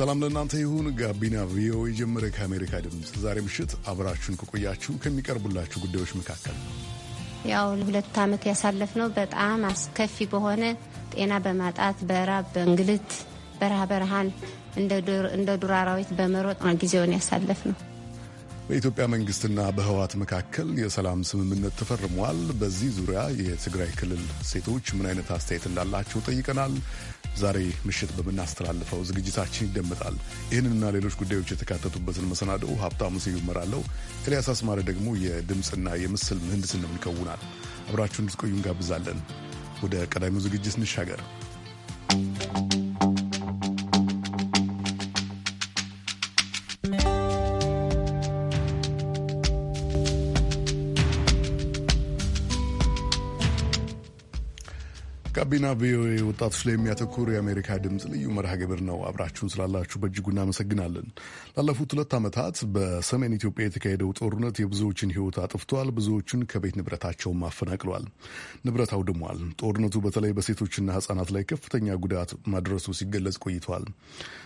ሰላም ለእናንተ ይሁን። ጋቢና ቪኦኤ ጀመረ። ከአሜሪካ ድምፅ ዛሬ ምሽት አብራችሁን ከቆያችሁ ከሚቀርቡላችሁ ጉዳዮች መካከል ያው ሁለት ዓመት ያሳለፍ ነው በጣም አስከፊ በሆነ ጤና በማጣት በራብ፣ በእንግልት፣ በረሃ በረሃን እንደ ዱር አራዊት በመሮጥ ጊዜውን ያሳለፍ ነው። በኢትዮጵያ መንግስትና በህወሓት መካከል የሰላም ስምምነት ተፈርሟል። በዚህ ዙሪያ የትግራይ ክልል ሴቶች ምን አይነት አስተያየት እንዳላቸው ጠይቀናል። ዛሬ ምሽት በምናስተላልፈው ዝግጅታችን ይደመጣል። ይህንንና ሌሎች ጉዳዮች የተካተቱበትን መሰናደው ሀብታሙ ስዩም እመራለሁ። ኤልያስ አስማረ ደግሞ የድምፅና የምስል ምህንድስና ይከውናል። አብራችሁ እንድትቆዩ እንጋብዛለን። ወደ ቀዳሚው ዝግጅት እንሻገር። ጋቢና ቪኦኤ ወጣቶች ላይ የሚያተኩር የአሜሪካ ድምፅ ልዩ መርሃ ግብር ነው። አብራችሁን ስላላችሁ በእጅጉ እናመሰግናለን። ላለፉት ሁለት ዓመታት በሰሜን ኢትዮጵያ የተካሄደው ጦርነት የብዙዎችን ሕይወት አጥፍቷል። ብዙዎቹን ከቤት ንብረታቸውም አፈናቅሏል፣ ንብረት አውድሟል። ጦርነቱ በተለይ በሴቶችና ሕጻናት ላይ ከፍተኛ ጉዳት ማድረሱ ሲገለጽ ቆይቷል።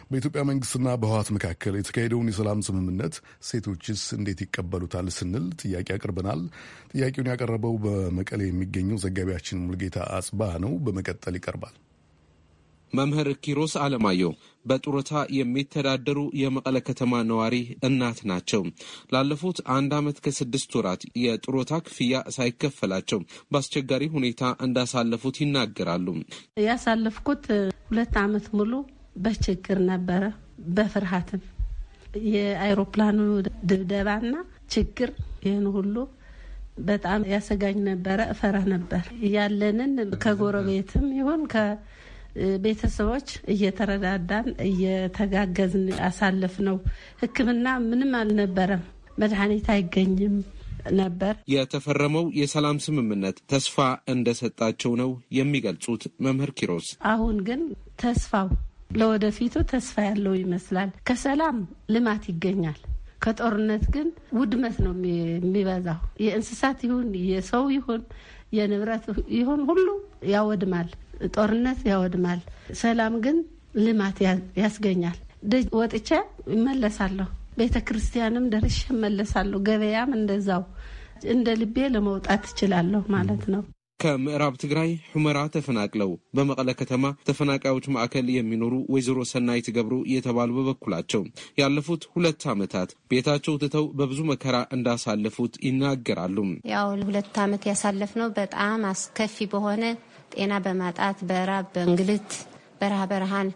በኢትዮጵያ መንግስትና በህወሓት መካከል የተካሄደውን የሰላም ስምምነት ሴቶችስ እንዴት ይቀበሉታል ስንል ጥያቄ አቅርበናል። ጥያቄውን ያቀረበው በመቀሌ የሚገኘው ዘጋቢያችን ሙልጌታ አጽባ ነው። በመቀጠል ይቀርባል። መምህር ኪሮስ አለማየሁ በጡረታ የሚተዳደሩ የመቀለ ከተማ ነዋሪ እናት ናቸው። ላለፉት አንድ ዓመት ከስድስት ወራት የጡረታ ክፍያ ሳይከፈላቸው በአስቸጋሪ ሁኔታ እንዳሳለፉት ይናገራሉ። ያሳለፍኩት ሁለት ዓመት ሙሉ በችግር ነበረ። በፍርሃትም የአይሮፕላኑ ድብደባና ችግር ይህን ሁሉ በጣም ያሰጋኝ ነበረ፣ እፈራ ነበር። ያለንን ከጎረቤትም ይሁን ከቤተሰቦች እየተረዳዳን እየተጋገዝን አሳለፍ ነው። ሕክምና ምንም አልነበረም፣ መድኃኒት አይገኝም ነበር። የተፈረመው የሰላም ስምምነት ተስፋ እንደሰጣቸው ነው የሚገልጹት መምህር ኪሮስ። አሁን ግን ተስፋው ለወደፊቱ ተስፋ ያለው ይመስላል። ከሰላም ልማት ይገኛል። ከጦርነት ግን ውድመት ነው የሚበዛው። የእንስሳት ይሁን የሰው ይሁን የንብረት ይሁን ሁሉ ያወድማል። ጦርነት ያወድማል። ሰላም ግን ልማት ያስገኛል። ደጅ ወጥቼ እመለሳለሁ። ቤተ ክርስቲያንም ደርሼ እመለሳለሁ። ገበያም እንደዛው እንደ ልቤ ለመውጣት እችላለሁ ማለት ነው። ከምዕራብ ትግራይ ሑመራ ተፈናቅለው በመቐለ ከተማ ተፈናቃዮች ማዕከል የሚኖሩ ወይዘሮ ሰናይ ትገብሩ የተባሉ በበኩላቸው ያለፉት ሁለት ዓመታት ቤታቸው ትተው በብዙ መከራ እንዳሳለፉት ይናገራሉ። ያው ሁለት ዓመት ነው በጣም አስከፊ በሆነ ጤና በማጣት በራብ፣ በእንግልት፣ በረሃ በረሃን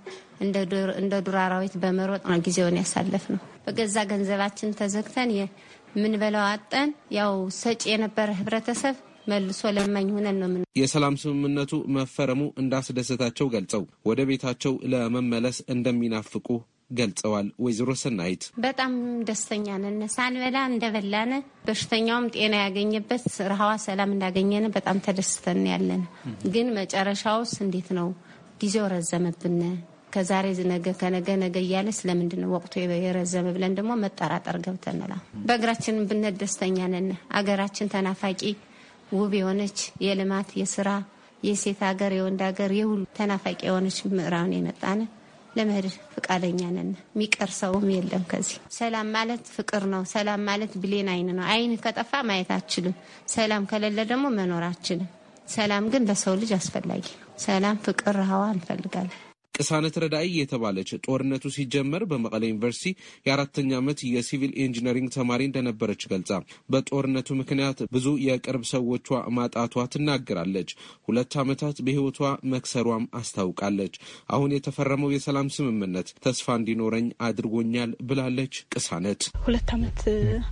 እንደ ዱር አራዊት በመሮጥ ነው ጊዜውን ያሳለፍ ነው። በገዛ ገንዘባችን ተዘግተን የምንበላው አጠን ያው ሰጪ የነበረ ህብረተሰብ መልሶ ለማኝ ሆነን ነው። የሰላም ስምምነቱ መፈረሙ እንዳስደሰታቸው ገልጸው ወደ ቤታቸው ለመመለስ እንደሚናፍቁ ገልጸዋል። ወይዘሮ ሰናይት በጣም ደስተኛ ነን። ሳንበላ እንደበላን በሽተኛውም ጤና ያገኘበት ረሃዋ ሰላም እንዳገኘን በጣም ተደስተን ያለን። ግን መጨረሻውስ እንዴት ነው? ጊዜው ረዘመብን። ከዛሬ ነገ፣ ከነገ ነገ እያለ ስለምንድን ነው ወቅቱ የረዘመ ብለን ደግሞ መጠራጠር ገብተንላ። በእግራችን ብነት ደስተኛ ነን። አገራችን ተናፋቂ ውብ የሆነች የልማት የስራ የሴት ሀገር የወንድ ሀገር የሁሉ ተናፋቂ የሆነች ምዕራውን የመጣነ ለመሄድ ፈቃደኛ ነን። የሚቀር ሰውም የለም። ከዚህ ሰላም ማለት ፍቅር ነው። ሰላም ማለት ብሌን አይን ነው። አይን ከጠፋ ማየት አችልም። ሰላም ከሌለ ደግሞ መኖር አችልም። ሰላም ግን ለሰው ልጅ አስፈላጊ ነው። ሰላም፣ ፍቅር፣ ረሃዋ እንፈልጋለን። ቅሳነት ረዳይ የተባለች ጦርነቱ ሲጀመር በመቀለ ዩኒቨርሲቲ የአራተኛ ዓመት የሲቪል ኢንጂነሪንግ ተማሪ እንደነበረች ገልጻ በጦርነቱ ምክንያት ብዙ የቅርብ ሰዎቿ ማጣቷ ትናገራለች። ሁለት ዓመታት በሕይወቷ መክሰሯም አስታውቃለች። አሁን የተፈረመው የሰላም ስምምነት ተስፋ እንዲኖረኝ አድርጎኛል ብላለች። ቅሳነት ሁለት ዓመት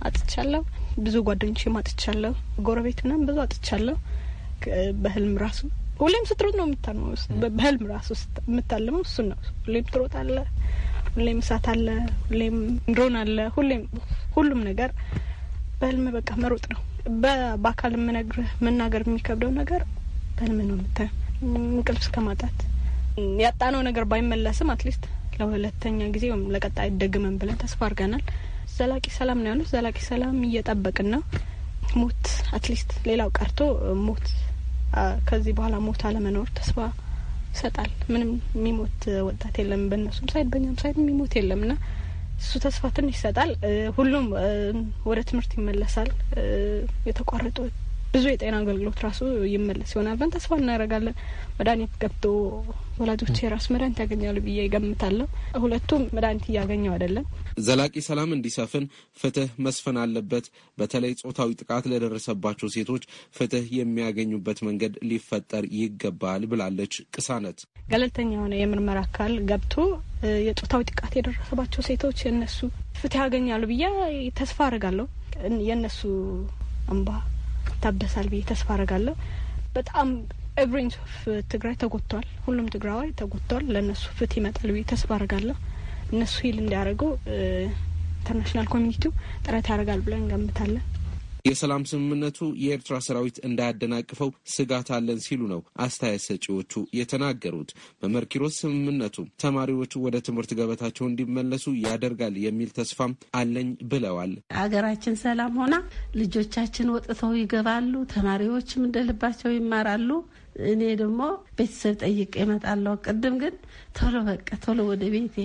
አጥቻለሁ። ብዙ ጓደኞቼም አጥቻለሁ። ጎረቤት ምናምን ብዙ አጥቻለሁ። በህልም ራሱ ሁሌም ስትሮጥ ነው የምታልመው። በህልም ራሱ የምታልመው እሱን ነው። ሁሌም ትሮጥ አለ፣ ሁሌም እሳት አለ፣ ሁሌም ድሮን አለ፣ ሁሌም ሁሉም ነገር በህልም በቃ መሮጥ ነው። በአካል የምነግርህ መናገር የሚከብደው ነገር በህልም ነው የምታየው። እንቅልፍ እስከ ማጣት ያጣነው ነገር ባይመለስም አትሊስት ለሁለተኛ ጊዜ ወይም ለቀጣይ ደግመን ብለን ተስፋ አድርገናል። ዘላቂ ሰላም ነው ያሉት። ዘላቂ ሰላም እየጠበቅን ነው። ሞት አትሊስት ሌላው ቀርቶ ሞት ከዚህ በኋላ ሞት አለመኖር ተስፋ ይሰጣል። ምንም የሚሞት ወጣት የለም፣ በእነሱም ሳይድ በእኛም ሳይድ የሚሞት የለም ና እሱ ተስፋ ትንሽ ይሰጣል። ሁሉም ወደ ትምህርት ይመለሳል። የተቋረጡ ብዙ የጤና አገልግሎት ራሱ ይመለስ ይሆናል ብለን ተስፋ እናደርጋለን። መድኃኒት ገብቶ ወላጆች የራሱ መድኃኒት ያገኛሉ ብዬ ይገምታለሁ። ሁለቱም መድኃኒት እያገኘው አይደለም። ዘላቂ ሰላም እንዲሰፍን ፍትህ መስፈን አለበት። በተለይ ጾታዊ ጥቃት ለደረሰባቸው ሴቶች ፍትህ የሚያገኙበት መንገድ ሊፈጠር ይገባል ብላለች ቅሳነት። ገለልተኛ የሆነ የምርመራ አካል ገብቶ የጾታዊ ጥቃት የደረሰባቸው ሴቶች የነሱ ፍትህ ያገኛሉ ብዬ ተስፋ አድርጋለሁ። የነሱ እንባ ይታበሳል ብዬ ተስፋ አረጋለሁ። በጣም ኤቭሪን ኦፍ ትግራይ ተጎድተዋል። ሁሉም ትግራዋይ ተጎድተዋል። ለእነሱ ፍትህ ይመጣል ብዬ ተስፋ አረጋለሁ። እነሱ ሂል እንዲያደርገው ኢንተርናሽናል ኮሚኒቲው ጥረት ያደርጋል ብለን እንገምታለን። የሰላም ስምምነቱ የኤርትራ ሰራዊት እንዳያደናቅፈው ስጋት አለን ሲሉ ነው አስተያየት ሰጪዎቹ የተናገሩት። በመርኪሮስ ስምምነቱ ተማሪዎቹ ወደ ትምህርት ገበታቸው እንዲመለሱ ያደርጋል የሚል ተስፋም አለኝ ብለዋል። አገራችን ሰላም ሆና ልጆቻችን ወጥተው ይገባሉ፣ ተማሪዎችም እንደልባቸው ይማራሉ። እኔ ደግሞ ቤተሰብ ጠይቄ እመጣለሁ። ቅድም ግን ቶሎ በቃ ቶሎ ወደ ቤቴ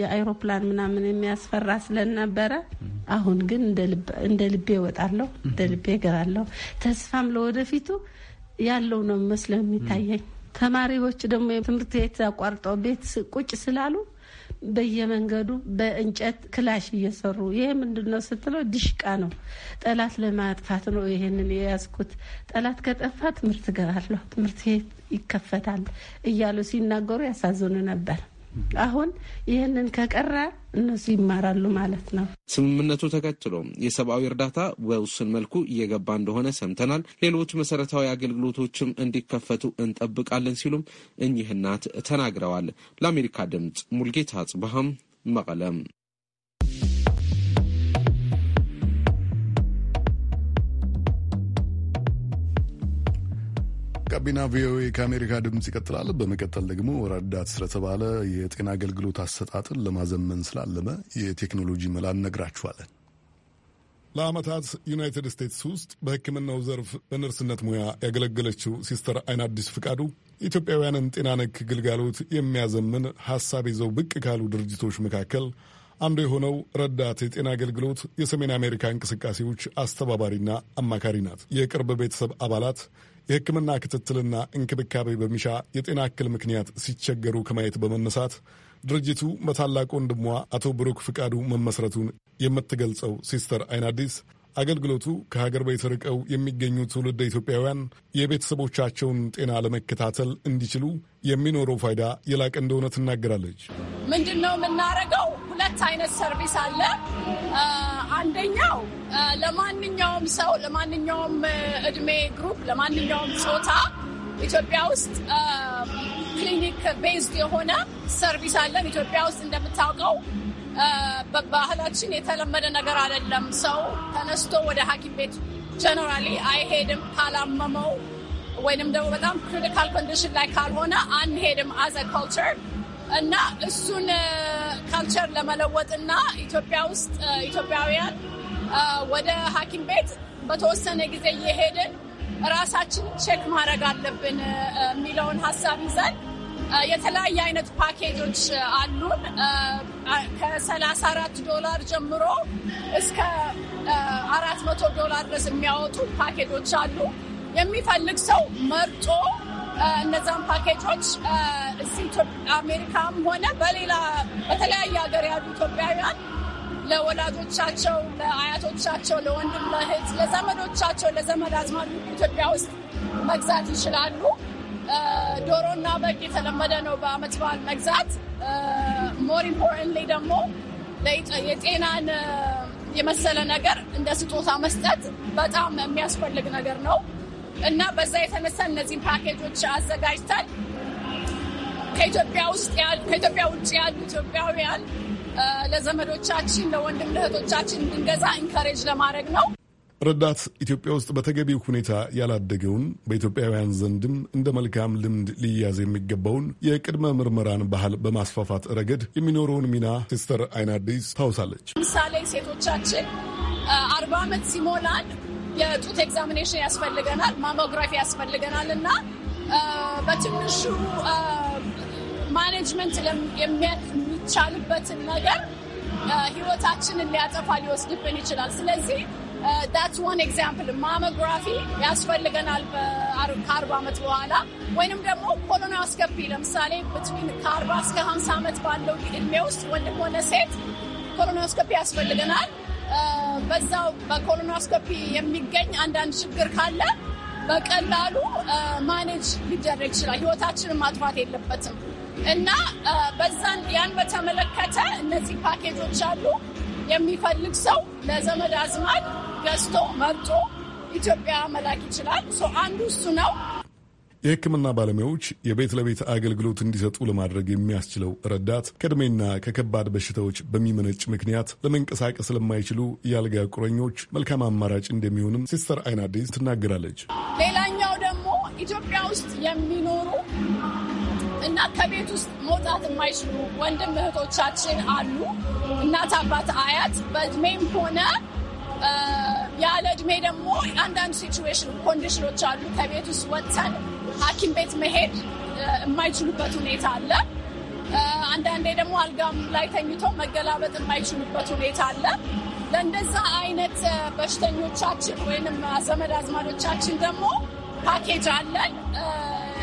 የአይሮፕላን ምናምን የሚያስፈራ ስለነበረ አሁን ግን እንደ ልቤ እወጣለሁ፣ እንደ ልቤ እገባለሁ። ተስፋም ለወደፊቱ ያለው ነው መስለው የሚታየኝ። ተማሪዎች ደግሞ ትምህርት ቤት አቋርጠው ቤት ቁጭ ስላሉ በየመንገዱ በእንጨት ክላሽ እየሰሩ ይሄ ምንድን ነው ስትለው፣ ድሽቃ ነው። ጠላት ለማጥፋት ነው ይሄንን የያዝኩት። ጠላት ከጠፋ ትምህርት ገባለሁ፣ ትምህርት ይከፈታል እያሉ ሲናገሩ ያሳዝኑ ነበር። አሁን ይህንን ከቀረ እነሱ ይማራሉ ማለት ነው። ስምምነቱ ተከትሎ የሰብአዊ እርዳታ በውስን መልኩ እየገባ እንደሆነ ሰምተናል። ሌሎች መሰረታዊ አገልግሎቶችም እንዲከፈቱ እንጠብቃለን ሲሉም እኚህ እናት ተናግረዋል። ለአሜሪካ ድምፅ ሙልጌታ አጽባሃም መቀለም ጋቢና ቪኦኤ ከአሜሪካ ድምፅ ይቀጥላል። በመቀጠል ደግሞ ረዳት ስለተባለ የጤና አገልግሎት አሰጣጥን ለማዘመን ስላለመ የቴክኖሎጂ መላ እነግራችኋለን። ለዓመታት ዩናይትድ ስቴትስ ውስጥ በሕክምናው ዘርፍ በነርስነት ሙያ ያገለገለችው ሲስተር አይን አዲስ ፍቃዱ ኢትዮጵያውያንን ጤና ነክ ግልጋሎት የሚያዘምን ሀሳብ ይዘው ብቅ ካሉ ድርጅቶች መካከል አንዱ የሆነው ረዳት የጤና አገልግሎት የሰሜን አሜሪካ እንቅስቃሴዎች አስተባባሪና አማካሪ ናት። የቅርብ ቤተሰብ አባላት የሕክምና ክትትልና እንክብካቤ በሚሻ የጤና እክል ምክንያት ሲቸገሩ ከማየት በመነሳት ድርጅቱ በታላቅ ወንድሟ አቶ ብሩክ ፍቃዱ መመስረቱን የምትገልጸው ሲስተር አይናዲስ አገልግሎቱ ከሀገር ቤት ርቀው የሚገኙ ትውልድ ኢትዮጵያውያን የቤተሰቦቻቸውን ጤና ለመከታተል እንዲችሉ የሚኖረው ፋይዳ የላቀ እንደሆነ ትናገራለች። ምንድን ነው የምናደርገው? ሁለት አይነት ሰርቪስ አለ። አንደኛው ለማንኛውም ሰው ለማንኛውም እድሜ ግሩፕ ለማንኛውም ፆታ ኢትዮጵያ ውስጥ ክሊኒክ ቤዝድ የሆነ ሰርቪስ አለን። ኢትዮጵያ ውስጥ እንደምታውቀው በባህላችን የተለመደ ነገር አይደለም። ሰው ተነስቶ ወደ ሐኪም ቤት ጀነራሊ አይሄድም ካላመመው ወይንም ደግሞ በጣም ክሪቲካል ኮንዲሽን ላይ ካልሆነ አንሄድም አዘ ኮልቸር እና እሱን ካልቸር ለመለወጥ እና ኢትዮጵያ ውስጥ ኢትዮጵያውያን ወደ ሐኪም ቤት በተወሰነ ጊዜ እየሄድን ራሳችን ቼክ ማድረግ አለብን የሚለውን ሀሳብ ይዘን የተለያየ አይነት ፓኬጆች አሉን። ከሰላሳ አራት ዶላር ጀምሮ እስከ አራት መቶ ዶላር ድረስ የሚያወጡ ፓኬጆች አሉ። የሚፈልግ ሰው መርጦ እነዛን ፓኬጆች አሜሪካም ሆነ በሌላ በተለያየ ሀገር ያሉ ኢትዮጵያውያን ለወላጆቻቸው፣ ለአያቶቻቸው፣ ለወንድም፣ ለእህት፣ ለዘመዶቻቸው፣ ለዘመድ አዝማድ ኢትዮጵያ ውስጥ መግዛት ይችላሉ። ዶሮና በግ የተለመደ ነው በአመት በዓል መግዛት። ሞር ኢምፖርታንትሊ ደግሞ የጤናን የመሰለ ነገር እንደ ስጦታ መስጠት በጣም የሚያስፈልግ ነገር ነው። እና በዛ የተነሳ እነዚህን ፓኬጆች አዘጋጅተን ከኢትዮጵያ ውስጥ ከኢትዮጵያ ውጭ ያሉ ኢትዮጵያውያን ለዘመዶቻችን ለወንድም እህቶቻችን እንድንገዛ ኢንካሬጅ ለማድረግ ነው። ረዳት ኢትዮጵያ ውስጥ በተገቢው ሁኔታ ያላደገውን በኢትዮጵያውያን ዘንድም እንደ መልካም ልምድ ሊያዝ የሚገባውን የቅድመ ምርመራን ባህል በማስፋፋት ረገድ የሚኖረውን ሚና ሲስተር አይናዲስ ታውሳለች። ለምሳሌ ሴቶቻችን አርባ ዓመት ሲሞላን የጡት ኤግዛሚኔሽን ያስፈልገናል፣ ማሞግራፊ ያስፈልገናል እና በትንሹ ማኔጅመንት የሚቻልበትን ነገር ህይወታችንን ሊያጠፋ ሊወስድብን ይችላል። ስለዚህ ዳት ዋን ኤግዛምፕል ማሞግራፊ ያስፈልገናል ከአርባ ዓመት በኋላ ወይንም ደግሞ ኮሎና አስከፊ ለምሳሌ ብትዊን ከአርባ እስከ ሀምሳ ዓመት ባለው እድሜ ውስጥ ወንድም ሆነ ሴት አስከፊ ያስፈልገናል። በዛው በኮሎኖስኮፒ የሚገኝ አንዳንድ ችግር ካለ በቀላሉ ማኔጅ ሊደረግ ይችላል። ህይወታችንን ማጥፋት የለበትም እና በዛን ያን በተመለከተ እነዚህ ፓኬጆች አሉ። የሚፈልግ ሰው ለዘመድ አዝማድ ገዝቶ መርጦ ኢትዮጵያ መላክ ይችላል። አንዱ እሱ ነው። የሕክምና ባለሙያዎች የቤት ለቤት አገልግሎት እንዲሰጡ ለማድረግ የሚያስችለው ረዳት ከእድሜና ከከባድ በሽታዎች በሚመነጭ ምክንያት ለመንቀሳቀስ ለማይችሉ የአልጋ ቁረኞች መልካም አማራጭ እንደሚሆንም ሲስተር አይን ትናገራለች። ሌላኛው ደግሞ ኢትዮጵያ ውስጥ የሚኖሩ እና ከቤት ውስጥ መውጣት የማይችሉ ወንድም እህቶቻችን አሉ። እናት፣ አባት፣ አያት በእድሜም ሆነ ያለ እድሜ ደግሞ አንዳንድ ሲቹዌሽን ኮንዲሽኖች አሉ ከቤት ውስጥ ወጥተን ሐኪም ቤት መሄድ የማይችሉበት ሁኔታ አለ። አንዳንዴ ደግሞ አልጋም ላይ ተኝቶ መገላበጥ የማይችሉበት ሁኔታ አለ። ለእንደዛ አይነት በሽተኞቻችን ወይንም ዘመድ አዝማዶቻችን ደግሞ ፓኬጅ አለን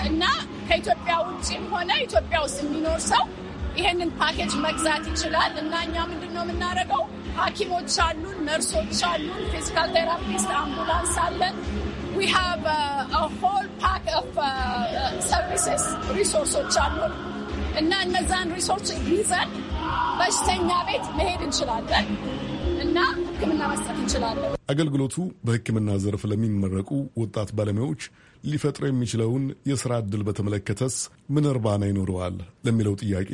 እና ከኢትዮጵያ ውጭም ሆነ ኢትዮጵያ ውስጥ የሚኖር ሰው ይሄንን ፓኬጅ መግዛት ይችላል እና እኛ ምንድን ነው የምናደርገው? ሐኪሞች አሉን፣ ነርሶች አሉን፣ ፊዚካል ቴራፒስት፣ አምቡላንስ አለን ሆል ፓክ ሰርቪስስ ሪሶርሶች አሉ እና እነዛን ሪሶርስ ይዘን በሽተኛ ቤት መሄድ እንችላለን እና ሕክምና መስጠት እንችላለን። አገልግሎቱ በሕክምና ዘርፍ ለሚመረቁ ወጣት ባለሙያዎች ሊፈጥር የሚችለውን የስራ እድል በተመለከተስ ምን እርባና ይኖረዋል ለሚለው ጥያቄ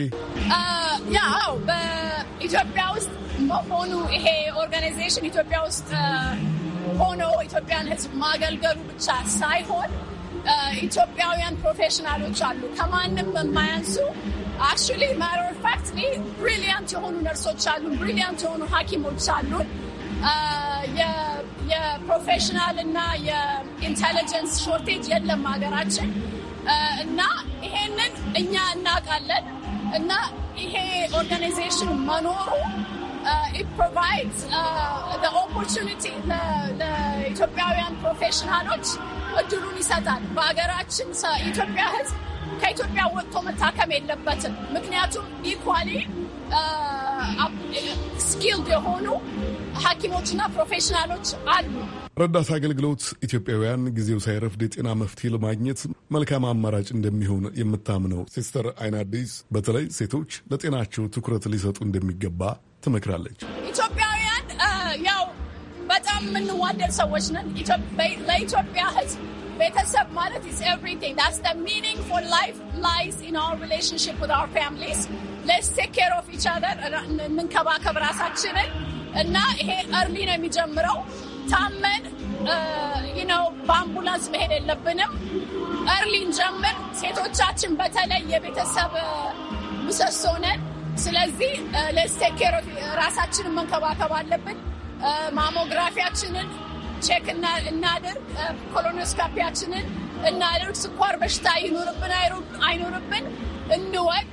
uh, ያው በኢትዮጵያ ውስጥ መሆኑ ይሄ ኦርጋናይዜሽን ኢትዮጵያ ውስጥ ሆነው ኢትዮጵያን ህዝብ ማገልገሉ ብቻ ሳይሆን ኢትዮጵያውያን ፕሮፌሽናሎች አሉ ከማንም የማያንሱ አክቹዋሊ ማተር ኦፍ ፋክት ብሪሊያንት የሆኑ ነርሶች አሉ፣ ብሪሊያንት የሆኑ ሐኪሞች አሉ የፕሮፌሽናል እና የኢንቴሊጀንስ ሾርቴጅ የለም ሀገራችን እና ይሄንን እኛ እናውቃለን እና ይሄ ኦርጋናይዜሽን መኖሩ Uh, it provides uh, the opportunity ለኢትዮጵያውያን ፕሮፌሽናሎች እድሉን ይሰጣል። በሀገራችን የኢትዮጵያ ሕዝብ ከኢትዮጵያ ወጥቶ መታከም የለበትም። ምክንያቱም ኢኳሊ ስኪልድ የሆኑ ሐኪሞችና ፕሮፌሽናሎች አሉ። ረዳት አገልግሎት ኢትዮጵያውያን ጊዜው ሳይረፍድ የጤና መፍትሄ ለማግኘት መልካም አማራጭ እንደሚሆን የምታምነው ሲስተር አይን አዲስ በተለይ ሴቶች ለጤናቸው ትኩረት ሊሰጡ እንደሚገባ ትመክራለች። ኢትዮጵያውያን ያው በጣም የምንዋደድ ሰዎች ነን። ለኢትዮጵያ ሕዝብ ቤተሰብ ማለት ኢዝ ኤቭሪቲንግ ዳትስ ዘ ሚኒንግ ፎር ላይፍ ላይስ ኢን አወር ዊዝ አወር ፋሚሊስ ሌትስ ቴክ ኬር ኦፍ ኢች አዘር እንንከባከብ ራሳችንን እና ይሄ እርሊ ነው የሚጀምረው። ታመን ነው በአምቡላንስ መሄድ የለብንም። እርሊን ጀምር። ሴቶቻችን በተለይ የቤተሰብ ምሰሶ ነን። ስለዚህ ለስቴኬር uh, uh, ራሳችንን መንከባከብ አለብን። uh, ማሞግራፊያችንን ቼክ እናድርግ፣ ኮሎኖስካፒያችንን እናደርግ ስኳር በሽታ ይኑርብን አይኖርብን እንወቅ።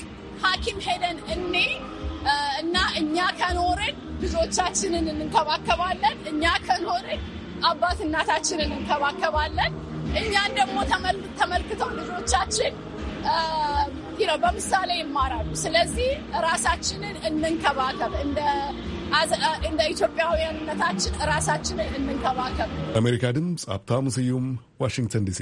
ሐኪም ሄደን እኔ እና እኛ ከኖርን ልጆቻችንን እንንከባከባለን። እኛ ከኖርን አባት እናታችንን እንከባከባለን። እኛን ደግሞ ተመልክተው ልጆቻችን ነው በምሳሌ ይማራሉ። ስለዚህ ራሳችንን እንንከባከብ እንደ እንደ ኢትዮጵያውያንነታችን ራሳችንን እንንከባከብ። አሜሪካ ድምፅ ሀብታሙ ስዩም ዋሽንግተን ዲሲ።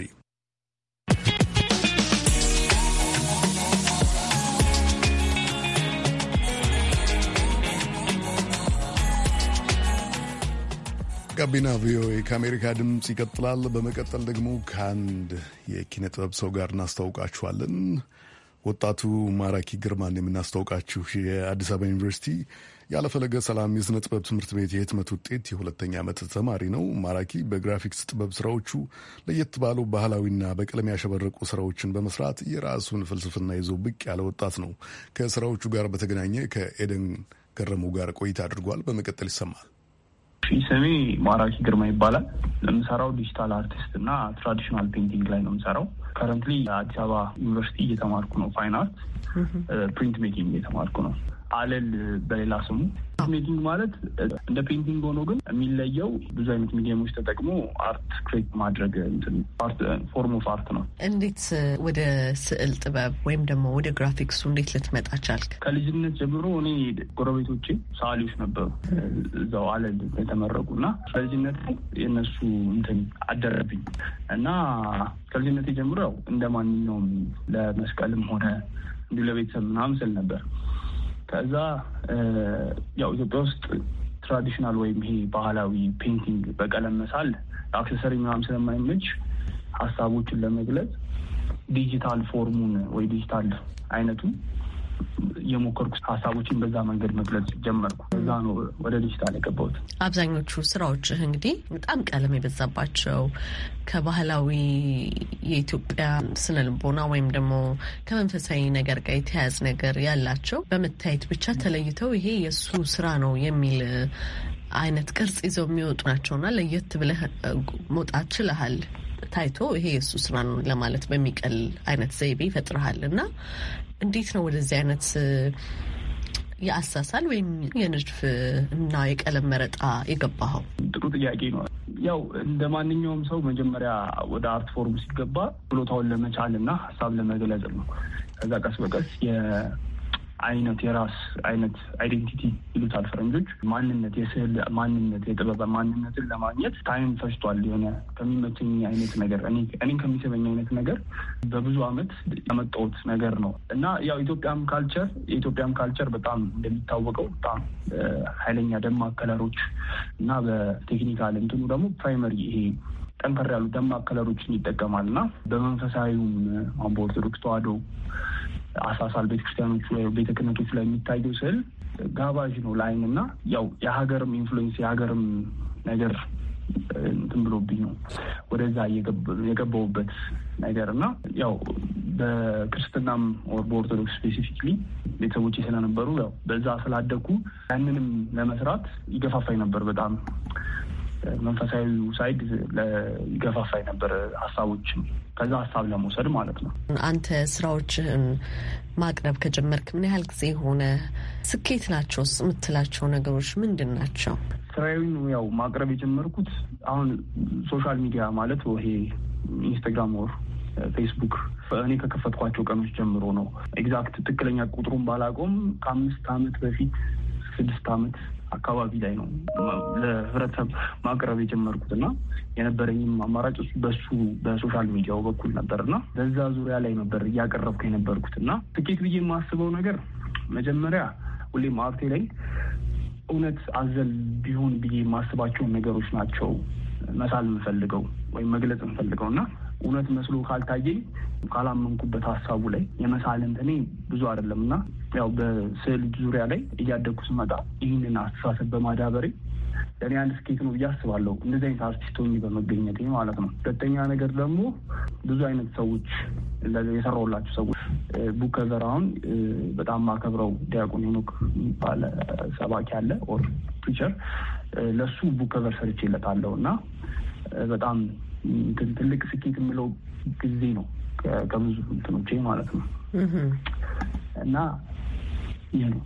ጋቢና ቪኦኤ ከአሜሪካ ድምፅ ይቀጥላል። በመቀጠል ደግሞ ከአንድ የኪነ ጥበብ ሰው ጋር እናስታውቃችኋለን። ወጣቱ ማራኪ ግርማን የምናስታውቃችሁ የአዲስ አበባ ዩኒቨርሲቲ ያለፈለገ ሰላም የስነ ጥበብ ትምህርት ቤት የህትመት ውጤት የሁለተኛ ዓመት ተማሪ ነው። ማራኪ በግራፊክስ ጥበብ ስራዎቹ ለየት ባሉ ባህላዊና በቀለም ያሸበረቁ ስራዎችን በመስራት የራሱን ፍልስፍና ይዞ ብቅ ያለ ወጣት ነው። ከስራዎቹ ጋር በተገናኘ ከኤደን ገረመው ጋር ቆይታ አድርጓል። በመቀጠል ይሰማል። ስሜ ማራኪ ግርማ ይባላል። የምሰራው ዲጂታል አርቲስት እና ትራዲሽናል ፔንቲንግ ላይ ነው የምሰራው። ከረንትሊ አዲስ አበባ ዩኒቨርሲቲ እየተማርኩ ነው። ፋይን አርት ፕሪንት ሜኪንግ እየተማርኩ ነው። አለል በሌላ ስሙ ሜኪንግ ማለት እንደ ፔንቲንግ ሆኖ ግን የሚለየው ብዙ አይነት ሚዲየሞች ተጠቅሞ አርት ክሬት ማድረግ ፎርም ኦፍ አርት ነው። እንዴት ወደ ስዕል ጥበብ ወይም ደግሞ ወደ ግራፊክሱ እንዴት ልትመጣ ቻልክ? ከልጅነት ጀምሮ እኔ ጎረቤቶቼ ሰዓሊዎች ነበሩ እዛው አለል የተመረቁ እና ከልጅነት የእነሱ እንትን አደረብኝ እና ከልጅነት ጀምሮ ያው እንደ ማንኛውም ለመስቀልም ሆነ እንዲሁ ለቤተሰብ ምናምን ስል ነበር ከዛ ያው ኢትዮጵያ ውስጥ ትራዲሽናል ወይም ይሄ ባህላዊ ፔንቲንግ በቀለም መሳል አክሰሰሪ ምናምን ስለማይመች ሀሳቦችን ለመግለጽ ዲጂታል ፎርሙን ወይ ዲጂታል አይነቱን የሞከርኩት ሀሳቦችን በዛ መንገድ መግለጽ ጀመርኩ። እዛ ነው ወደ ዲጂታል የገባሁት። አብዛኞቹ ስራዎች እንግዲህ በጣም ቀለም የበዛባቸው ከባህላዊ የኢትዮጵያ ስነ ልቦና ወይም ደግሞ ከመንፈሳዊ ነገር ጋር የተያያዝ ነገር ያላቸው በመታየት ብቻ ተለይተው ይሄ የእሱ ስራ ነው የሚል አይነት ቅርጽ ይዘው የሚወጡ ናቸውና ለየት ብለህ መውጣት ችለሃል። ታይቶ ይሄ የእሱ ስራ ነው ለማለት በሚቀል አይነት ዘይቤ ይፈጥረሃል እና እንዴት ነው ወደዚህ አይነት የአሳሳል ወይም የንድፍ እና የቀለም መረጣ የገባኸው? ጥሩ ጥያቄ ነው። ያው እንደ ማንኛውም ሰው መጀመሪያ ወደ አርት ፎርም ሲገባ ብሎታውን ለመቻል እና ሀሳብ ለመግለጽ ነው። ከዛ ቀስ በቀስ አይነት የራስ አይነት አይዴንቲቲ ይሉታል ፈረንጆች ማንነት፣ የስዕል ማንነት፣ የጥበብ ማንነትን ለማግኘት ታይም ፈጅቷል። የሆነ ከሚመቸኝ አይነት ነገር እኔን ከሚስበኝ አይነት ነገር በብዙ አመት ያመጣሁት ነገር ነው እና ያው ኢትዮጵያም ካልቸር የኢትዮጵያም ካልቸር በጣም እንደሚታወቀው በጣም ኃይለኛ ደማቅ ከለሮች እና በቴክኒካል እንትኑ ደግሞ ፕራይመሪ ይሄ ጠንከር ያሉ ደማቅ ከለሮችን ይጠቀማል እና በመንፈሳዊውም አሁን በኦርቶዶክስ ተዋህዶ አሳሳል ቤተክርስቲያኖቹ ላይ ቤተ ክህነቶች ላይ የሚታየው ስዕል ጋባዥ ነው ለአይን እና ያው የሀገርም ኢንፍሉዌንስ የሀገርም ነገር እንትን ብሎብኝ ነው ወደዛ የገባውበት ነገር እና ያው በክርስትናም ኦር በኦርቶዶክስ ስፔሲፊክሊ ቤተሰቦች ስለነበሩ ያው በዛ ስላደኩ ያንንም ለመስራት ይገፋፋኝ ነበር በጣም መንፈሳዊ ሳይድ ይገፋፋ የነበረ ሀሳቦችን ከዛ ሀሳብ ለመውሰድ ማለት ነው። አንተ ስራዎችህን ማቅረብ ከጀመርክ ምን ያህል ጊዜ የሆነ? ስኬት ናቸው የምትላቸው ነገሮች ምንድን ናቸው? ስራዊን ያው ማቅረብ የጀመርኩት አሁን ሶሻል ሚዲያ ማለት ይሄ ኢንስታግራም ወር ፌስቡክ እኔ ከከፈትኳቸው ቀኖች ጀምሮ ነው። ኤግዛክት ትክክለኛ ቁጥሩን ባላቆም ከአምስት አመት በፊት ስድስት አመት አካባቢ ላይ ነው ለህብረተሰብ ማቅረብ የጀመርኩት እና የነበረኝም አማራጭ በሱ በሶሻል ሚዲያው በኩል ነበር እና በዛ ዙሪያ ላይ ነበር እያቀረብኩ የነበርኩት እና ትኬት ብዬ የማስበው ነገር መጀመሪያ ሁሌም አርቴ ላይ እውነት አዘል ቢሆን ብዬ የማስባቸውን ነገሮች ናቸው መሳል የምፈልገው ወይም መግለጽ የምፈልገው እና እውነት መስሎ ካልታየኝ ካላመንኩበት ሀሳቡ ላይ የመሳል እንትኔ ብዙ አይደለም እና ያው በስዕል ዙሪያ ላይ እያደግኩ ስመጣ ይህንን አስተሳሰብ በማዳበሬ ለእኔ አንድ ስኬት ነው ብዬ አስባለሁ። እንደዚህ አይነት አርቲስት ሆኜ በመገኘት ማለት ነው። ሁለተኛ ነገር ደግሞ ብዙ አይነት ሰዎች የሰራውላቸው ሰዎች ቡከቨር አሁን በጣም ማከብረው ዲያቆን ሄኖክ የሚባል ሰባኪ አለ ኦር ፒቸር ለሱ ቡክ ሰርቼ ሰርቼለታለሁ እና በጣም ትልቅ ስኬት የምለው ጊዜ ነው ከብዙ እንትኖቼ ማለት ነው እና ይህ ነው።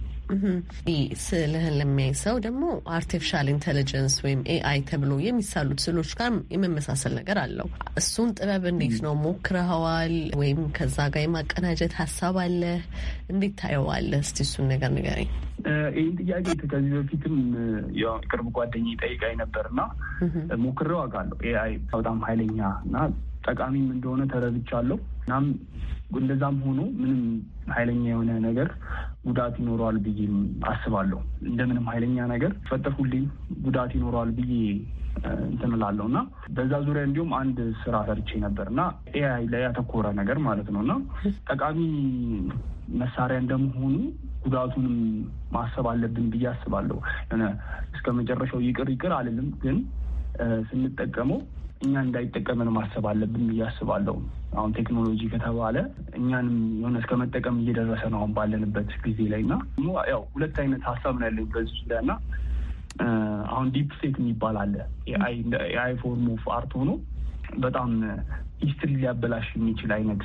ስልህን ለሚያይ ሰው ደግሞ አርቲፊሻል ኢንቴሊጀንስ ወይም ኤአይ ተብሎ የሚሳሉት ስሎች ጋር የመመሳሰል ነገር አለው። እሱን ጥበብ እንዴት ነው ሞክረኸዋል? ወይም ከዛ ጋር የማቀናጀት ሀሳብ አለ? እንዴት ታየዋለህ? እስቲ እሱን ነገር ንገረኝ። ይህን ጥያቄ ከዚህ በፊትም ቅርብ ጓደኝ ጠይቃኝ ነበርና ሞክሬው አውቃለሁ። ኤአይ በጣም ኃይለኛ እና ጠቃሚም እንደሆነ ተረድቻለሁ። እናም እንደዛም ሆኖ ምንም ኃይለኛ የሆነ ነገር ጉዳት ይኖረዋል ብዬ አስባለሁ። እንደምንም ኃይለኛ ነገር ፈጠር ጉዳት ይኖረዋል ብዬ እንትን እላለሁ እና በዛ ዙሪያ እንዲሁም አንድ ስራ ሰርቼ ነበር እና ኤአይ ላይ ያተኮረ ነገር ማለት ነው እና ጠቃሚ መሳሪያ እንደመሆኑ ጉዳቱንም ማሰብ አለብን ብዬ አስባለሁ። እስከ መጨረሻው ይቅር ይቅር አልልም፣ ግን ስንጠቀመው እኛ እንዳይጠቀመን ማሰብ አለብን ብዬ አስባለሁ። አሁን ቴክኖሎጂ ከተባለ እኛንም የሆነ እስከ መጠቀም እየደረሰ ነው አሁን ባለንበት ጊዜ ላይ እና ያው ሁለት አይነት ሀሳብ ነው ያለኝ በዚህ ዙሪያ እና አሁን ዲፕ ፌክ የሚባል አለ የአይ ፎርም ኦፍ አርት ሆኖ በጣም ሂስትሪ ሊያበላሽ የሚችል አይነት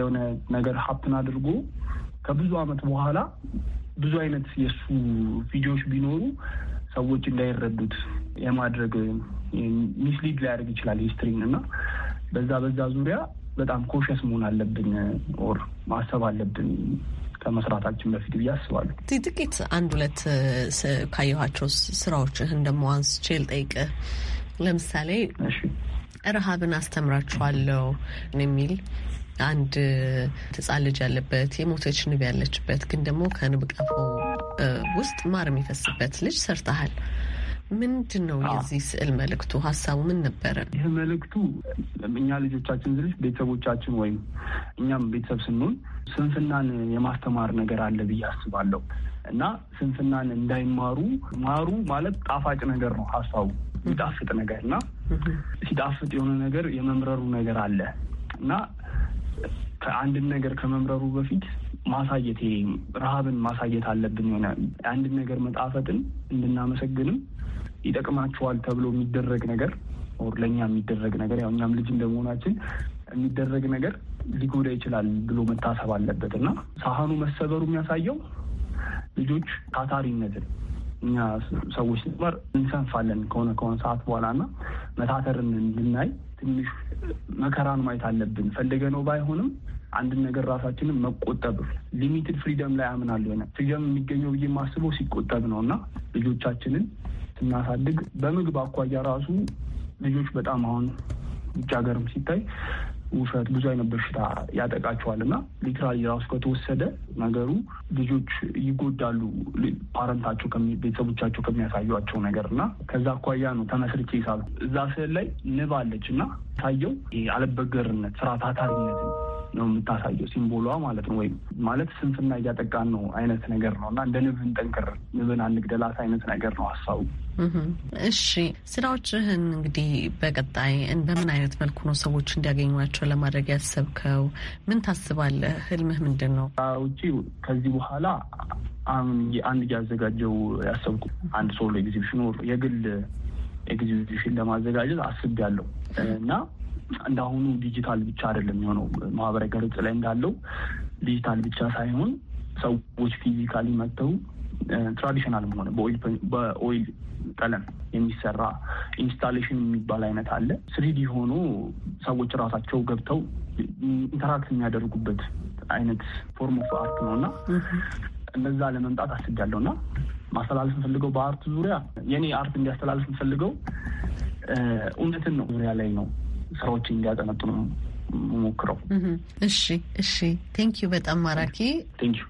የሆነ ነገር ሀፕን አድርጎ ከብዙ አመት በኋላ ብዙ አይነት የእሱ ቪዲዮዎች ቢኖሩ ሰዎች እንዳይረዱት የማድረግ ሚስሊድ ሊያደርግ ይችላል ሂስትሪን እና በዛ በዛ ዙሪያ በጣም ኮሸስ መሆን አለብን ኦር ማሰብ አለብን ከመስራታችን በፊት ብዬ አስባለሁ። ጥቂት አንድ ሁለት ካየኋቸው ስራዎችህን ደግሞ አንስቼ ልጠይቅህ። ለምሳሌ ረሃብን አስተምራችኋለሁ የሚል አንድ ህጻን ልጅ ያለበት የሞተች ንብ ያለችበት ግን ደግሞ ከንብ ቀፎ ውስጥ ማር የሚፈስበት ልጅ ሰርተሃል። ምንድን ነው የዚህ ስዕል መልእክቱ? ሀሳቡ ምን ነበረ? ይህ መልእክቱ እኛ ልጆቻችን ዝልጅ ቤተሰቦቻችን ወይም እኛም ቤተሰብ ስንሆን ስንፍናን የማስተማር ነገር አለ ብዬ አስባለሁ እና ስንፍናን እንዳይማሩ ማሩ ማለት ጣፋጭ ነገር ነው ሀሳቡ የሚጣፍጥ ነገር እና ሲጣፍጥ የሆነ ነገር የመምረሩ ነገር አለ እና ከአንድን ነገር ከመምረሩ በፊት ማሳየት ረሃብን ማሳየት አለብን። የሆነ አንድን ነገር መጣፈጥን እንድናመሰግንም ይጠቅማቸዋል ተብሎ የሚደረግ ነገር ኦር ለእኛ የሚደረግ ነገር ያው እኛም ልጅ እንደመሆናችን የሚደረግ ነገር ሊጎዳ ይችላል ብሎ መታሰብ አለበት እና ሳህኑ መሰበሩ የሚያሳየው ልጆች ታታሪነትን እኛ ሰዎች ስንማር እንሰንፋለን ከሆነ ከሆነ ሰዓት በኋላ እና መታተርን እንድናይ ትንሽ መከራን ማየት አለብን። ፈልገ ነው ባይሆንም አንድን ነገር ራሳችንን መቆጠብ ሊሚትድ ፍሪደም ላይ አምናለሁ። ፍሪደም የሚገኘው ብዬ ማስበው ሲቆጠብ ነው እና ልጆቻችንን ስናሳድግ በምግብ አኳያ ራሱ ልጆች በጣም አሁን ውጭ ሀገርም ሲታይ ውፍረት ብዙ አይነት በሽታ ያጠቃቸዋል እና ሊትራሊ ራሱ ከተወሰደ ነገሩ ልጆች ይጎዳሉ። ፓረንታቸው ቤተሰቦቻቸው ከሚያሳዩቸው ነገር እና ከዛ አኳያ ነው ተመስርቼ ይሳሉ። እዛ ስዕል ላይ ንብ አለች እና ታየው አለበገርነት፣ ስራ ታታሪነት ነው የምታሳየው ሲምቦሏ ማለት ነው። ወይም ማለት ስንፍና እያጠቃን ነው አይነት ነገር ነው እና እንደ ንብ እንጠንክር፣ ንብን አንግደላት አይነት ነገር ነው ሀሳቡ። እሺ ስራዎችህን እንግዲህ በቀጣይ በምን አይነት መልኩ ነው ሰዎች እንዲያገኟቸው ለማድረግ ያሰብከው? ምን ታስባለህ? ህልምህ ምንድን ነው? ውጪ ከዚህ በኋላ አንድ እያዘጋጀው ያሰብኩ አንድ ሶሎ ኤግዚቢሽን ወር የግል ኤግዚቢሽን ለማዘጋጀት አስቤያለሁ እና እንደአሁኑ ዲጂታል ብቻ አይደለም የሆነው ማህበራዊ ገጽ ላይ እንዳለው ዲጂታል ብቻ ሳይሆን ሰዎች ፊዚካሊ መጥተው ትራዲሽናል ሆነ በኦይል ቀለም የሚሰራ ኢንስታሌሽን የሚባል አይነት አለ። ስሪዲ ሆኖ ሰዎች ራሳቸው ገብተው ኢንተራክት የሚያደርጉበት አይነት ፎርም ኦፍ አርት ነው እና እነዛ ለመምጣት አስቤያለሁ እና ማስተላለፍ የምፈልገው በአርት ዙሪያ የኔ አርት እንዲያስተላለፍ የምፈልገው እውነትን ነው ዙሪያ ላይ ነው ስራዎችን እንዲያጠነጥኑ ሞክረው። እሺ፣ እሺ። ቴንኪዩ በጣም ማራኪ ቴንኪዩ።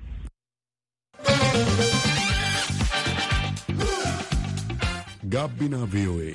ጋቢና ቪኦኤ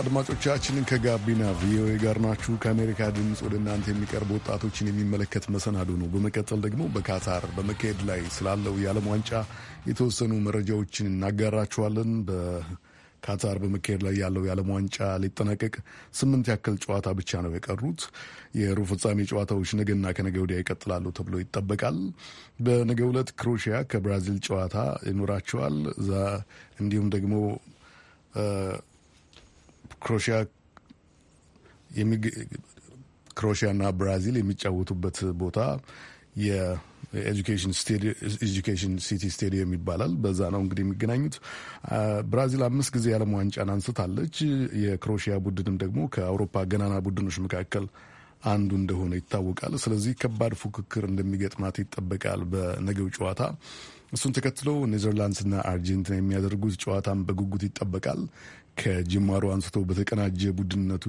አድማጮቻችንን ከጋቢና ቪኦኤ ጋር ናችሁ። ከአሜሪካ ድምፅ ወደ እናንተ የሚቀርብ ወጣቶችን የሚመለከት መሰናዶ ነው። በመቀጠል ደግሞ በካታር በመካሄድ ላይ ስላለው የዓለም ዋንጫ የተወሰኑ መረጃዎችን እናጋራችኋለን። በካታር በመካሄድ ላይ ያለው የዓለም ዋንጫ ሊጠናቀቅ ስምንት ያክል ጨዋታ ብቻ ነው የቀሩት። የሩብ ፍጻሜ ጨዋታዎች ነገና ከነገ ወዲያ ይቀጥላሉ ተብሎ ይጠበቃል። በነገ ዕለት ክሮኤሺያ ከብራዚል ጨዋታ ይኖራቸዋል። እንዲሁም ደግሞ ክሮሺያ ክሮሺያና ብራዚል የሚጫወቱበት ቦታ የኤጁኬሽን ሲቲ ስቴዲየም ይባላል። በዛ ነው እንግዲህ የሚገናኙት። ብራዚል አምስት ጊዜ የዓለም ዋንጫን አንስታለች። የክሮሺያ ቡድንም ደግሞ ከአውሮፓ ገናና ቡድኖች መካከል አንዱ እንደሆነ ይታወቃል። ስለዚህ ከባድ ፉክክር እንደሚገጥማት ይጠበቃል በነገው ጨዋታ። እሱን ተከትሎ ኔዘርላንድስና አርጀንቲና የሚያደርጉት ጨዋታም በጉጉት ይጠበቃል። ከጅማሩ አንስቶ በተቀናጀ ቡድንነቱ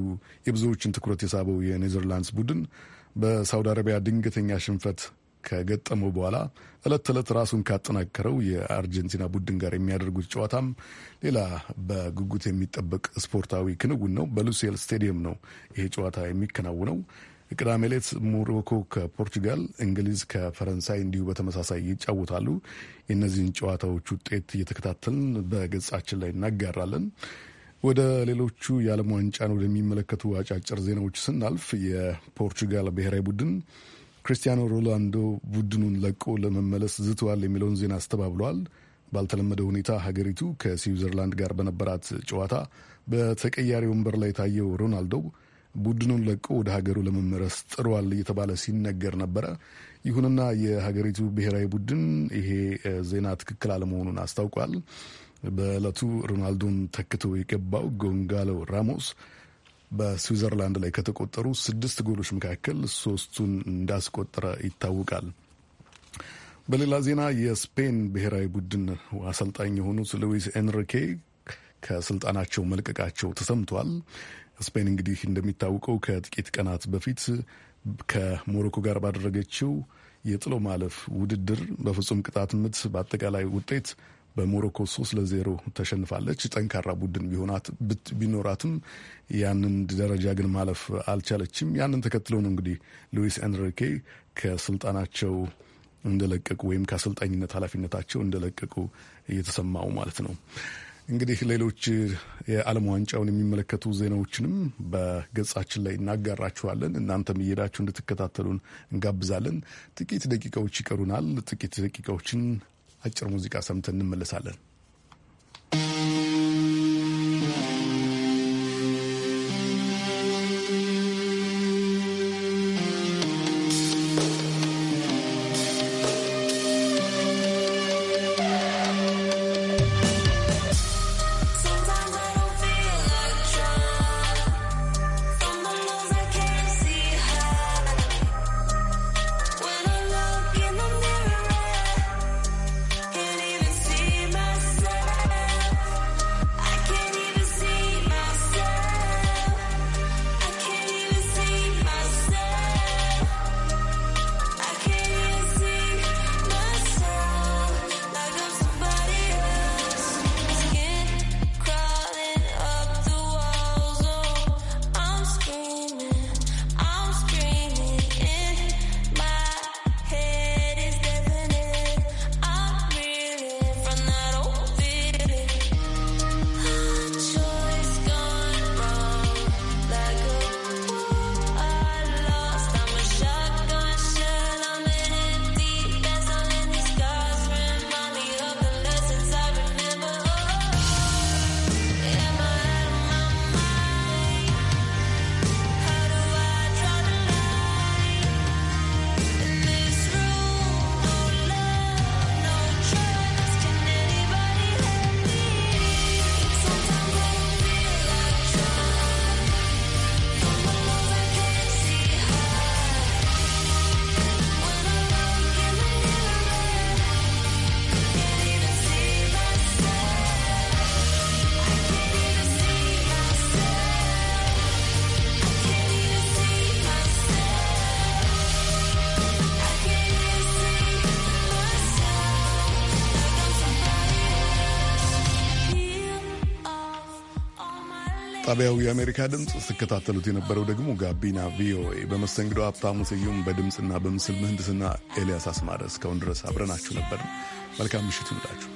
የብዙዎችን ትኩረት የሳበው የኔዘርላንድስ ቡድን በሳውዲ አረቢያ ድንገተኛ ሽንፈት ከገጠመው በኋላ ዕለት ተዕለት ራሱን ካጠናከረው የአርጀንቲና ቡድን ጋር የሚያደርጉት ጨዋታም ሌላ በጉጉት የሚጠበቅ ስፖርታዊ ክንውን ነው። በሉሴል ስቴዲየም ነው ይሄ ጨዋታ የሚከናውነው። ቅዳሜ ሌት ሞሮኮ ከፖርቹጋል፣ እንግሊዝ ከፈረንሳይ እንዲሁ በተመሳሳይ ይጫወታሉ። የእነዚህን ጨዋታዎች ውጤት እየተከታተልን በገጻችን ላይ እናጋራለን። ወደ ሌሎቹ የዓለም ዋንጫን ወደሚመለከቱ አጫጭር ዜናዎች ስናልፍ የፖርቹጋል ብሔራዊ ቡድን ክርስቲያኖ ሮላንዶ ቡድኑን ለቆ ለመመለስ ዝተዋል የሚለውን ዜና አስተባብለዋል። ባልተለመደ ሁኔታ ሀገሪቱ ከስዊዘርላንድ ጋር በነበራት ጨዋታ በተቀያሪ ወንበር ላይ የታየው ሮናልዶ ቡድኑን ለቆ ወደ ሀገሩ ለመመለስ ጥሯል እየተባለ ሲነገር ነበረ። ይሁንና የሀገሪቱ ብሔራዊ ቡድን ይሄ ዜና ትክክል አለመሆኑን አስታውቋል። በዕለቱ ሮናልዶን ተክቶ የገባው ጎንጋሎ ራሞስ በስዊዘርላንድ ላይ ከተቆጠሩ ስድስት ጎሎች መካከል ሶስቱን እንዳስቆጠረ ይታወቃል። በሌላ ዜና የስፔን ብሔራዊ ቡድን አሰልጣኝ የሆኑት ሉዊስ ኤንሪኬ ከስልጣናቸው መልቀቃቸው ተሰምቷል። ስፔን እንግዲህ እንደሚታወቀው ከጥቂት ቀናት በፊት ከሞሮኮ ጋር ባደረገችው የጥሎ ማለፍ ውድድር በፍጹም ቅጣት ምት በአጠቃላይ ውጤት በሞሮኮ ሶስት ለዜሮ ተሸንፋለች። ጠንካራ ቡድን ቢኖራትም ያንን ደረጃ ግን ማለፍ አልቻለችም። ያንን ተከትሎ ነው እንግዲህ ሉዊስ ኤንሪኬ ከስልጣናቸው እንደለቀቁ ወይም ከአሰልጣኝነት ኃላፊነታቸው እንደለቀቁ እየተሰማው ማለት ነው። እንግዲህ ሌሎች የዓለም ዋንጫውን የሚመለከቱ ዜናዎችንም በገጻችን ላይ እናጋራችኋለን። እናንተም እየሄዳችሁ እንድትከታተሉን እንጋብዛለን። ጥቂት ደቂቃዎች ይቀሩናል። ጥቂት ደቂቃዎችን አጭር ሙዚቃ ሰምተን እንመለሳለን። ጣቢያው የአሜሪካ ድምፅ ስትከታተሉት የነበረው ደግሞ ጋቢና ቪኦኤ በመስተንግዶ ሀብታሙ ስዩም፣ በድምፅና በምስል ምህንድስና ኤልያስ አስማረ። እስካሁን ድረስ አብረናችሁ ነበር። መልካም ምሽት ይሁንላችሁ።